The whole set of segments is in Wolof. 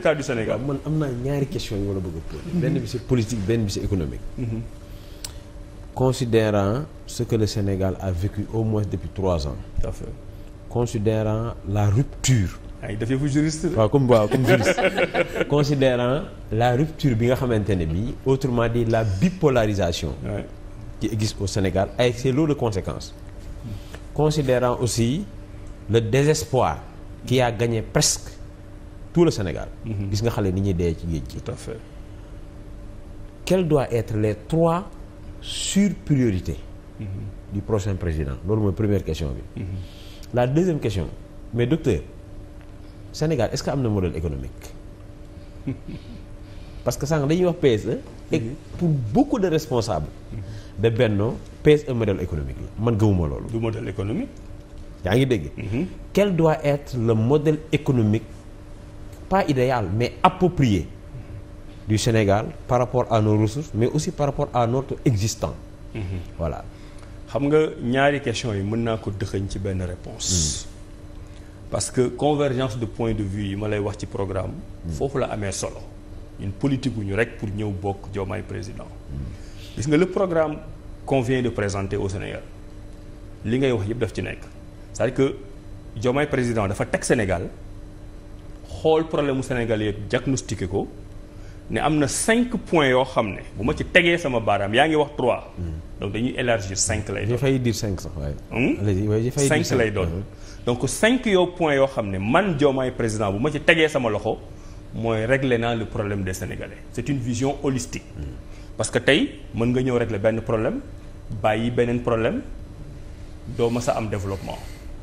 état du man am naa ñaari question yu ma la bëgg a poser mhm. benn bi c'est politique benn bi c'est économique mhm. considérant ce que le Sénégal a vécu au moins depuis trois ans tout à fait considérant la rupture ay dafee bi nga xamante ne bi autrement di la bipolarisation ouais. qui au Sénégal avec ses lots de conséquences considérant aussi le désespoir qui a gagné presque tout le Sénégal. Mhm. gis nga xale ni ñuy dee ci géej gi. tout à fait. quelles doivent être les trois sur Mm -hmm. du prochain président loolu mooy première question bi. Mhm. la deuxième question mais docteur Sénégal est-ce que am na modèle économique. parce que sànq dañuy wax PSE. et mhm. pour beaucoup de responsables. de Benno PSE modèle économique la man gëwuma loolu. du modèle économique. yaa ngi dégg. quel doit être le modèle économique. pas idéal mais approprié du Sénégal par rapport à nos ressources mais aussi par rapport à notre existant mm voilà xam nga ñaari question yi mën naa ko dëxëñ ci benn réponse hmm. parce que convergence de point de vue yi ma lay wax ci programme hmm. foofu la amee solo ñun politique wu ñu rek pour ñëw bokk Diomaye président hmm. gis nga le programme qu'on de présenter au Sénégal li ngay wax yëpp daf ci nekk cest à que Diomaye président dafa teg Sénégal xool problème mu Sénégal yëpp diagnostiqué ko ne am na cinq points yoo xam ne bu ma ci tegee sama baaraam yaa ngi wax trois donc dañuy élargir cinq lay doon. fay dir cinq sax waaye. Hmm? cinq lay doon donc cinq yoo points yoo xam ne man joomaay président bu ma ci tegee sama loxo mooy régler naa le problème des Sénégalais c'est une vision holistique. Hmm. parce que tey mën nga ñëw régler benn problème bàyyi beneen problème doo mës a am développement.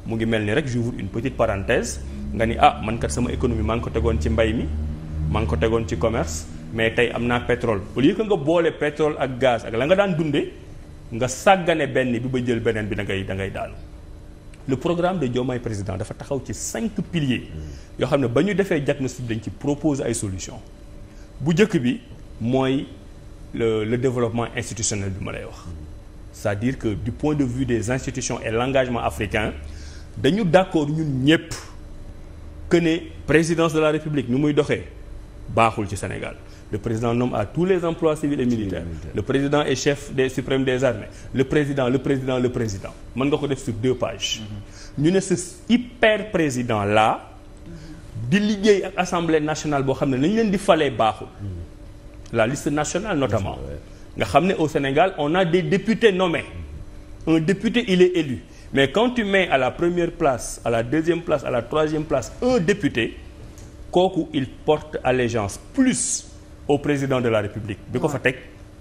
mu ngi mel ni rek j'ouvre une petite parenthèse nga ni ah man kat sama économie maa ngi ko tegoon ci mbay mi maa ngi ko tegoon ci commerce mais tey am naa pétrole au lieu nga boole pétrole ak gaz ak la nga daan dundee nga sàggane benn bi ba jël beneen bi da ngay da ngay daanu. le programme de Diomaye président dafa taxaw ci cinq piliers yoo xam ne ba ñu defee jat diagnostic dañ ci proposer ay solution bu njëkk bi mooy le le développement institutionnel bi ma lay wax cest à que du point de vue des institutions et l'engagement africain. dañu d'accord ñun ñëpp que ne présidence de la république nu muy doxee baaxul ci Sénégal le président nomme à tous les emplois civils et militaires le président est chef des suprême des armées le président le président le président mën nga ko def sur deux pages mm-hmm. ñu ne ce hyper président la di liggéey ak assemblée nationale boo xam ne nañu leen di falee baaxul mm-hmm. la liste nationale notamment nga xam ne au Sénégal on a des députés nommés mm-hmm. un député il est élu mais quand mais à la première place à la deuxième place à la troisième place un député kooku il porte allégeance plus au président de la république bi ko fa teg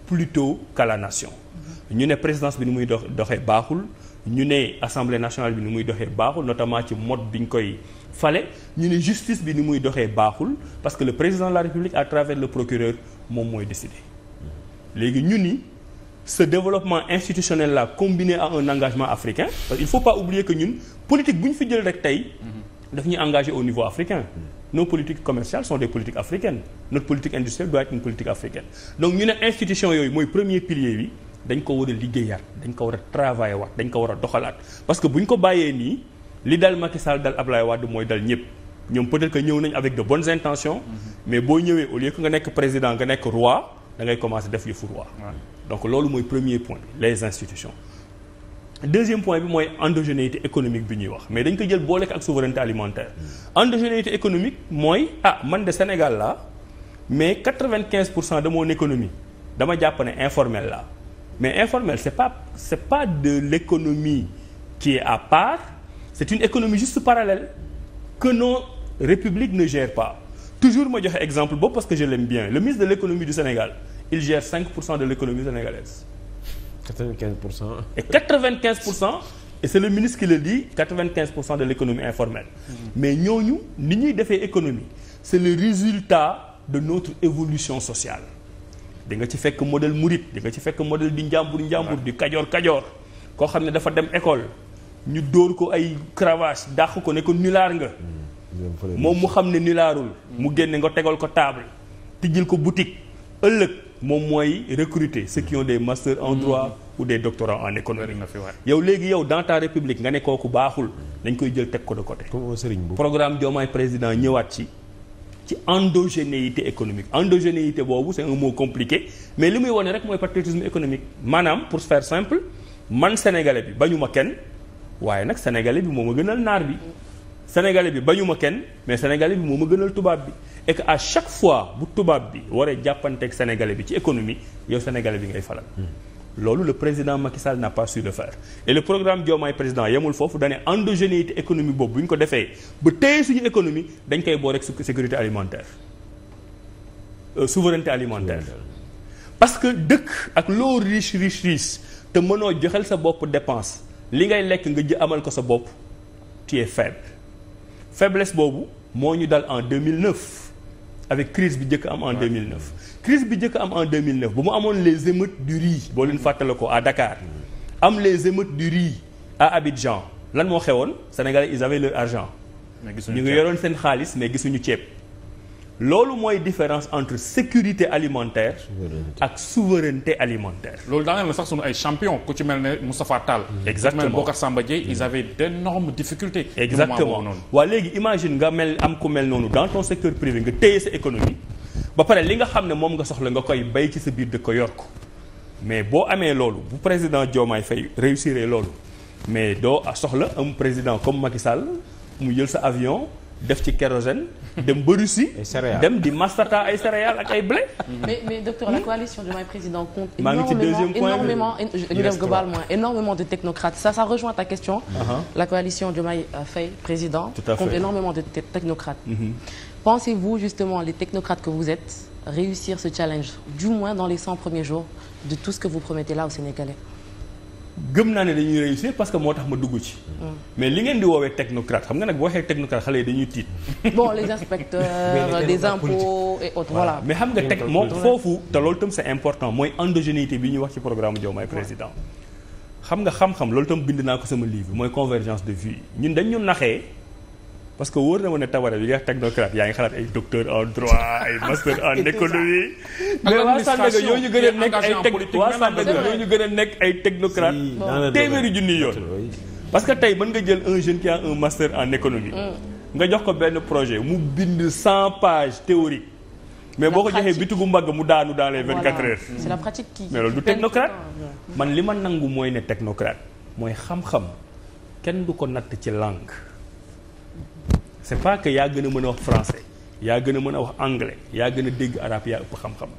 plutôt qu'à la nation mm-hmm. ñu ne présidence bi ni muy dox doxe baaxul ñu ne assemblée nationale bi ni muy doxee baaxul notamment ci mode bi ñu koy fale ñu ne justice bi ni muy doxee baaxul parce que le président de la république à travers le procureur moom mooy décider mm-hmm. léegi ñu ni ce développement institutionnel là combiné à un engagement africain parce qu'il faut pas oublier que ñun politique bu ñu fi jël rek tey daf ñuy engagé au niveau africain no politiques commerciales sont des politiques africaines notre politique industrielle doit être une politique africaine donc ñu ne institution yooyu mooy premier pilier bi dañ ko war a liggéeyaat dañ ko war a travailler waat dañ ko war a doxalaat parce que bu ñu ko bàyyee nii li dal Macky Sall dal Ablaye Wade mooy dal ñëpp ñoom peut ñëw nañ avec de bonnes intentions mhm. boo ñëwee au lieu que nekk président nga nekk roi da ngay commencer def yu furoir donc loolu mooy premier point bi les institutions deuxième point bi mooy endogénéité économique bi ñuy wax mais dañ ko jël boole ko ak souveraineté alimentaire hmm. endogénéité économique mooy ah man de Sénégal la mais quatre-vingt-quinze pour cent de mon économie dama jàpp ne informel la mais informel c'est pa c'est pas de l'économie qui à part c'est une économie juste parallèle que nos républiques ne gèrent pas toujours ma joxe exemple boobu parce le ministre de l'économie du Sénégal il gère 5 pour cent de l'économie sénégalaise. 95 pour cent. et 95 pour cent et c'est le ministre qui le dit 95 pour cent de l'économie informelle. Mm-hmm. mais ñooñu ni ñuy defee économie c'est le résultat de notre évolution sociale. di nga ci fekk model Mouride di nga ci fekk modèle di njàmbur njàmbur di kajoor kajoor koo xam ne dafa dem école ñu dóor ko ay cravache dàq ko ne ko nulaar nga. Mm-hmm. moom mu xam ne nulaarul. mu génne nga tegal ko table tijjil ko boutique ëllëg. moom mooy recruter ceux qui ont des masters en droit mm. ou des doctorats en économie yow léegi yow dans ta république nga ne kooku baaxul dañ koy jël teg ko de côté programme Diomaye président ñëwaat ci ci endogénéité économique endogénéité boobu c'est un mot compliqué mais li muy wane rek mooy patriotisme économique maanaam pour faire simple man sénégalais bi bañu ma kenn waaye nag sénégalais bi moo ma gënal naar bi sénégalais bi bañu ma kenn mais sénégalais bi moo ma gënal tubaab bi et que à chaque fois bu tubaab bi waree jàppanteeg sénégalais bi ci économie yow sénégalais bi ngay falal loolu le président Macky Sall n'a pas su le faire et le programme Diomaye président yemul foofu dane endogénéité économie boobu bu ñu ko defee ba téye suñu économie dañ koy boole ak sécurité alimentaire euh, souveraineté alimentaire parce que dëkk ak loo riche riche riche te mënoo joxel sa bopp dépense li ngay lekk nga ji amal ko sa bopp tu es faible faiblesse boobu moo ñu dal en 2009 avec crise bi njëkk am en 2009. crise bi njëkk am en 2009 bu mu amoon les émeutes du riz boo leen mm. fàttale ko à Dakar mm. am les émeutes du riz à Abidjan lan moo xewoon Sénégalais ils avaient leur argent. ñu ngi yoroon seen xaalis mais gisuñu ceeb. loolu mooy différence entre sécurité alimentaire ak souveraineté alimentaire loolu daa mel ne sax sunu ay champion ku ci mel ne Moustapha Tall exactement ku ci mel ne Bocar Samba Dièye ils avaient mm. d'énormes difficultés exactement waaw léegi imagine nga mel am ku mel noonu dans ton secteur privé nga téye sa économie ba pare li nga xam ne moom nga soxla nga koy bay ci sa biir dëkk ko yor mais boo amee loolu bu président Diomaye fay réussir loolu mais doo soxla am président comme Macky Sall mu jël sa avion def ci kérosène dem ba Russie dem di mastata ay céréales ak ay blé. mais mais docteur la coalition Diomaye président compte. maa ngi ci deuxième point énormément énormément globalement énormément de technocrates ça ça rejoint ta question. Uh-huh. la coalition Diomaye euh, Faye président. compte énormément de technocrates. Mm-hmm. pensez-vous justement les technocrates que vous êtes réussir ce challenge du moins dans les 100 premiers jours de tout ce que vous promettez là aux Sénégalais. gëm naa ne dañuy réussir parce que moo tax ma dugg ci. Mm. mais li ngeen di woowee technocrate xam nga nag boo waxee technocrate xale yi dañuy tiit. bon les inspecteurs des impôts mais xam nga teg moo foofu te loolu tam c'est important mooy endogénéité bi ñuy wax ci programme Diomaye président. xam nga xam-xam loolu tam bind naa ko sama livre mooy convergence de vues ñun dañ ñu naxee. parce que wóor na ma ne Tabara bi nga technocrate yaa ngi ay docteur en droit ay master en économie. mais waa Sandaga yoo ñu gën a nekk ay tec waa yoo technocrate téeméeri junni yoon. parce que tey mën nga jël un jeune qui a un master en économie. Mm. nga jox ko benn projet mu bind cent pages théorique. mais boo ko joxee bitigu mbagg mu daanu dans les vingt quatre heures. c'est la pratique mais loolu du technocrate. man li ma nangu mooy ne technocrate mooy xam-xam kenn du ko natt ci langue. c'est pas que yaa gën a mën a wax français yaa gën a mën a wax anglais yaa gën a dégg arabe yaa ëpp xam-xam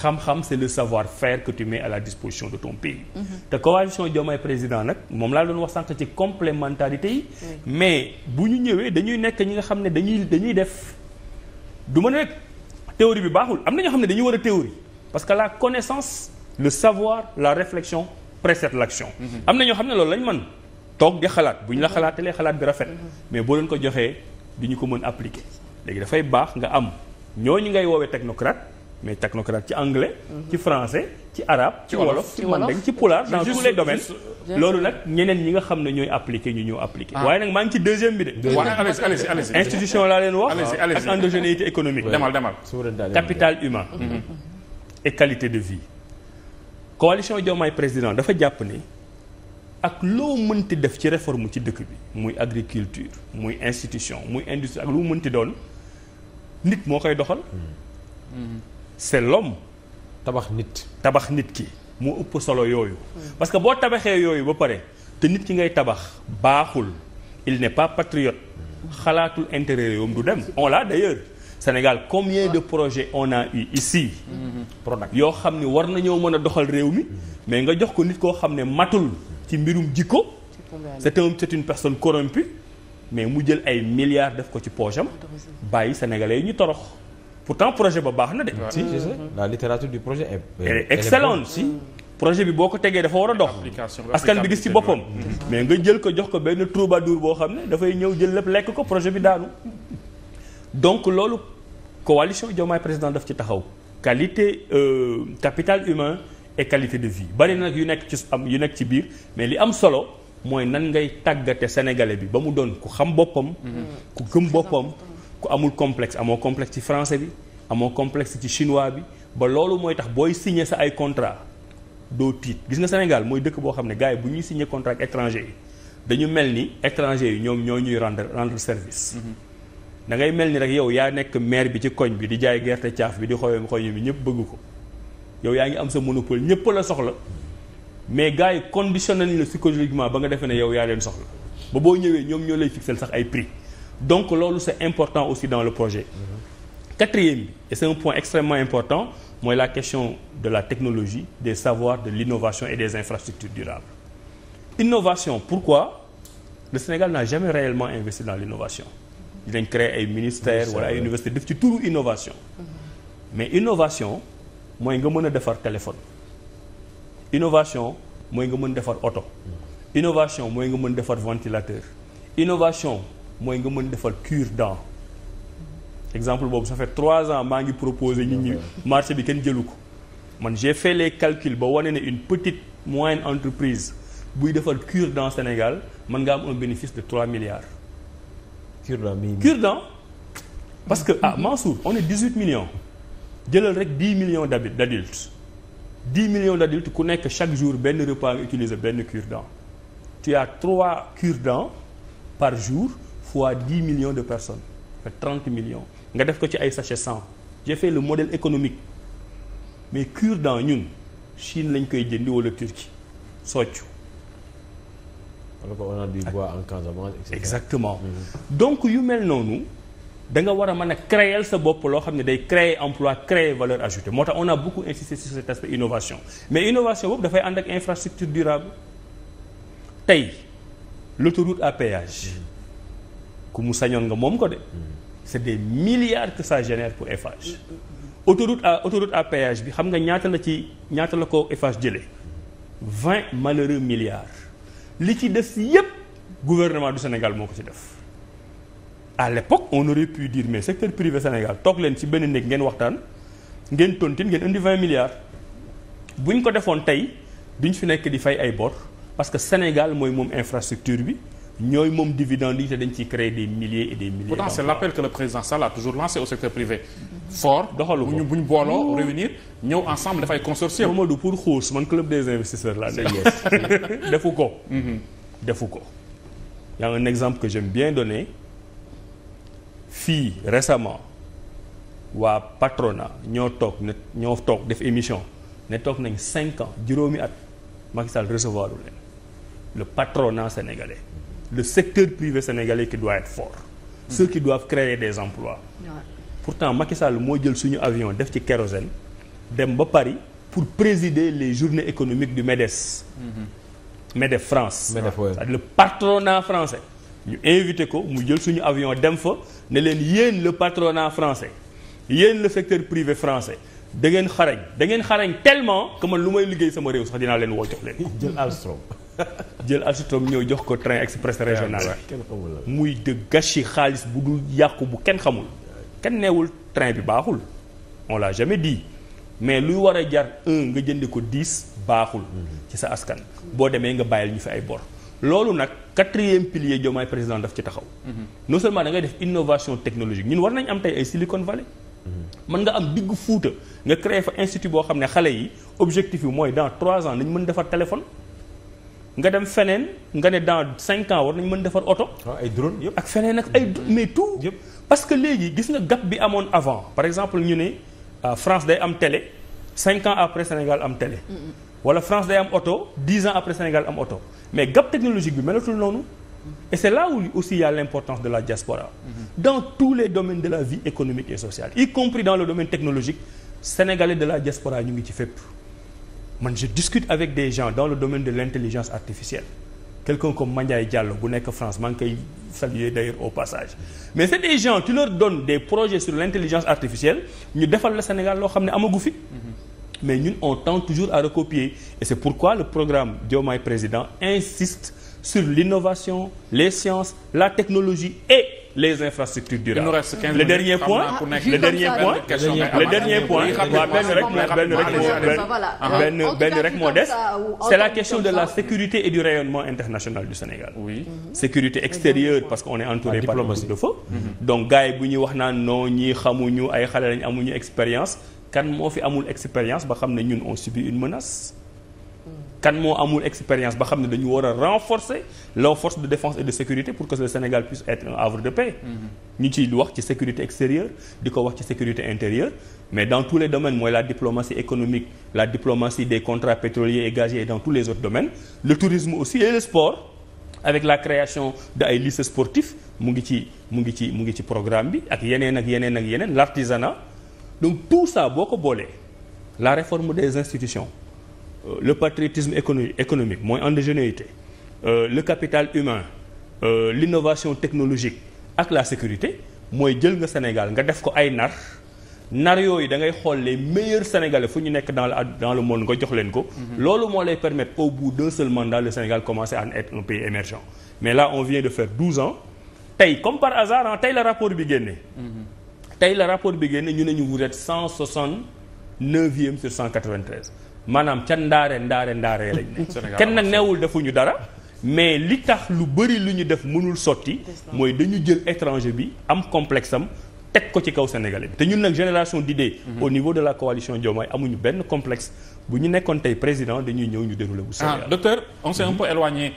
xam-xam c'est le savoir-faire que tu mets à la disposition de ton pays mm-hmm. te coalition Diomaye président nag moom laa doon wax sànq ci complémentarité yi mais bu ñu ñëwee dañuy nekk ñi nga xam ne dañuy dañuy def du mën a rek théorie bi baaxul am na ñoo xam ne dañuy war a théorie parce que la connaissance le savoir la réflexion précède l'action mm-hmm. am na ñoo xam ne loolu lañ mën toog di xalaat bu ñu la mm-hmm. xalaatalee xalaat bi rafet mais boo leen ko joxee du ñu ko mën appliquer léegi dafay baax nga am ñu ngay woowee technocrate mais technocrate ci anglais. ci français ci arabe. ci wolof ci mandeng ci pulaar dans tous les domaines. loolu nag ñeneen ñi nga xam ne ñooy appliquer ñu ñëw appliquer. Ah. waaye nag maa ngi ci deuxième bi de. institution laa leen wax. ak endogénéité économique. demal demal capital humain. Mm-hmm. et qualité de vie. coalition Diomaye président dafa jàpp ni. ak loo mënti def ci réforme ci dëkk bi muy agriculture muy institution muy industrie ak lu mu mënti doon nit moo koy doxal mm-hmm. c'est l'homme tabax nit tabax nit ki mu ëpp solo yooyu mm-hmm. parce que boo tabaxee yooyu ba pare te nit ki ngay tabax baaxul il n'est pas patriote xalaatul intérêt yoom du dem on l'a d'ailleurs Sénégal combien de projet on a eu ici mm-hmm. Prodac yoo xam ne war nañoo mën a doxal réew mi mais nga jox ko nit koo xam ne matul ci mbirum jikko c'est un c'est une personne corrompue mais mu jël ay milliards def ko ci poche am bàyyi sénégalais yi ñu torox pourtant projet ba baax na de si je sais la littérature du projet est excellente projet bi boo ko tegee dafa war a dox askan bi gis ci boppam mais nga jël ko jox ko benn troubadour boo xam ne dafay ñëw jël lépp lekk ko projet bi daanu donc loolu coalition Diomaye président daf ci taxaw qualité euh, capital humain équalité de vie bari nag yu nekk ci am yu nekk ci biir mais li am solo mooy nan ngay tàggate sénégalais bi ba mu doon ku xam boppam. ku gëm boppam ku amul complexe amoo complexe ci français bi amoo complexe ci chinois bi ba loolu mooy tax booy signé sa ay contrat doo tiit gis nga Sénégal mooy dëkk boo xam ne gars yi bu ñuy signé contrat ak étranger yi dañu mel ni étranger yi ñoom ñoo ñuy rendre rendre service. Mm-hmm. da ngay mel ni rek yow yaa nekk maire bi ci koñ bi di jaay gerte caaf bi di xooyam xooyam bi ñëpp bëgg ko. yow yaa ngi am sa monopole ñëpp la soxla mais gars yi conditionné nañ la psychologiquement ba nga defee ne yow yaa leen soxla ba boo ñëwee ñoom ñoo lay fixel sax ay prix donc loolu c'est important aussi dans le projet. Mm-hmm. quatrième bi et c'est un point extrêmement important mooy la question de la technologie des savoirs de l'innovation et des infrastructures durables innovation pourquoi le Sénégal n'a jamais réellement investi dans l'innovation dinañ créer ay ministères wala ay universités def ci turu innovation mm-hmm. mais innovation mooy nga mën a defar téléphone innovation mooy nga mën defar oto innovation mooy nga mën defar ventilateur innovation mooy nga mën defar cure-dent exemple boobu ça fait trois ans maa ngi proposer nit ñi marché bi kenn jëlu ko man j'ai fait ba wane ne une petite moyenne entreprise buy defal cure-dent Sénégal mën nga am un bénéfice de trois milliards. cure-dent cure-dent parce que ah Mansour on est dix-huit million jëlal rek 10 millions d'adultes 10 millions d'adultes ku nekk chaque jour benn repas nga utiliser benn cure-dent tu as 3 par jour fois 10 millions de personnes fait 30 nga def ko ci ay sachet 100 j'ai fait le modèle économique mais cure-dent ñun Chine lañ koy jëndi wala Turquie soccu en Casamance exactement mm-hmm. donc yu mel noonu da nga war a mën a créer sa bopp loo xam ne day créer emploi créer valeur ajoutée moo tax on na beaucoup insisté sur cet aspect innovation mais innovation boobu dafay ànd ak infrastructure durable tey l'autoroute à péage ku mu sañoon nga moom ko de c'est des milliards que ça génère pour Eiffage autoroute à autoroute à bi xam nga ñaata la ci ñaata la ko Eiffage jële vingt malheureux milliards li ci des yépp gouvernement du Sénégal moo ko ci def à l'époque on aurait pu dire mais secteur privé Sénégal toog leen ci benn néeg ngeen waxtaan ngeen tontin ngeen indi 20 milliards bu ñu ko defoon tey duñ fi nekk di fay ay bor parce que Sénégal mooy moom infrastructure bi ñooy moom dividende yi te dañ ciy créer des milliers et des milliers. pourtant c'est l'appel que le président Sall a toujours lancé au secteur privé. fort doxalu ko bu ñu booloo réunir ñëw ensemble dafay consortium. Mamadou pour xuus man club des investisseurs laa nekk. defu ko. Mhm. defu ko. y a un exemple que j'aime bien donner. fii récemment waa patronat ñoo toog ne ñoo toog def émission ne toog nañ cinq ans juróomi at Macky Sall recevoir leen le patronat sénégalais le secteur privé sénégalais qui doit être fort mmh. ceux qui doivent créer des emplois ouais. pourtant Macky Sall moo jël suñu avion def ci kérosène dem ba Paris pour présider les journées économiques du MEDES mmh. MEDEF France c'est-à-dire ouais. le français ñu invité ko mu jël suñu avion dem fa ne leen yéen le patronat français yéen le secteur privé français da ngeen xarañ da ngeen xarañ tellement que man lu may liggéey sama réew sax dinaa leen woo jox leen. jël Alstom. jël Alstom ñëw jox ko train express régional muy de gâchis xaalis bu dul yàqu bu kenn xamul. kenn neewul train bi baaxul on l'a jamais mais lu war a jar nga jënd ko dix baaxul. Mm-hmm. ci sa askan. boo demee nga bàyyil ñu fi ay bor. loolu nag quatrième pilier Diomaye président daf ci taxaw. Mhm. non seulement dangay def innovation technologie ñun war nañ am tey ay silikon Valley. Mhm. mën nga am diggu fuuta nga créer fa institut boo xam ne xale yi objectif yi mooy dans trois ans nañ mën defar téléphone. nga dem feneen nga ne dans cinq ans war nañ mën defar oto. Ah, ay drone yëpp ak feneen ak ay mais tout. parce que léegi gis nga gap bi amoon avant par exemple ñu ne euh, France day am télé cinq ans après Sénégal wala France day am oto dix ans après Sénégal am oto. mais gap technologique bi melatul noonu et là où aussi il y de la diaspora mm-hmm. dans tous les domaines de la vie économique et sociale y compris dans le domaine technologique sénégalais de la diaspora ñu ngi ci fépp man je discute avec des gens dans le domaine de l'intelligence artificielle quelqu'un comme Mandiaye Diallo bu nekk France maa ngi koy saluer d'ailleurs au passage mais c'est des gens tu leur donnes des projets sur l'intelligence artificielle ñu defal la Sénégal loo xam ne amagu fi mm-hmm. mais ñun on tend toujours à recopier et c'est pourquoi le programme Diomaye Président insiste sur l'innovation les sciences la technologie et les infrastructures durables. le dernier point le dernier point le dernier point waaw benn rek moo benn rek moo benn benn rek moo des c'est la question de la sécurité et du rayonnement international du Sénégal mhm. sécurité extérieure parce qu'on est entouré ah, par le de feu mhm. donc gars yi bu ñuy wax naan non ñi xamuñu ay xale lañ amuñu expérience kan moo fi amul expérience ba xam ne ñun on subit une menace kan moo amul expérience ba xam ne dañu war a renforcer leurs forces de défense et de sécurité pour que le Sénégal puisse être havre de paix mm-hmm. ñu ciy wax ci sécurité extérieure di ko wax ci sécurité intérieure mais dans tous les domaines mooy la diplomatie économique la diplomatie des contrats pétroliers et gaziers et dans tous les autres domaines le tourisme aussi et le sport avec la création de ay lycées sportifs mu ngi ci mu ngi ci mu ngi ci programme bi ak yeneen ak yeneen ak yeneen l'artisanat donc tout ça boo ko boolee la réforme des institutions euh, le patriotisme économique économique mooy endogénéité euh, le capital humain euh, l'innovation technologique ak la sécurité mooy jël nga Sénégal nga def ko ay nar nar yooyu da ngay xool les meilleurs sénégalais fu ñu nekk dans le dans le monde nga jox leen ko. Mhm. loolu moo lay permettre au bout d'un seul mandat le Sénégal commencer à être un pays émergent mais là on vient de faire douze ans tey comme par hasard ah tey la rapport bi génnee. Mhm. tey la rapport bi génne ñu ne ñu wuret cent soixante neuvième sur cent quatre vingt treize maanaam ca ndaare ndaare ndaare lañ ne kenn nag neewul defuñu dara mais li tax lu bëri lu ñu def mënul sotti mooy dañu jël étranger bi am complexam am teg ko ci kaw sénégalais te ñun nag génération d'idées mhm. au niveau de la coalition Diomaye amuñu benn complexe bu ñu nekkoon tey président dañuy ñëw ñu déroulé bu ah, Sénégal docteur on s'est un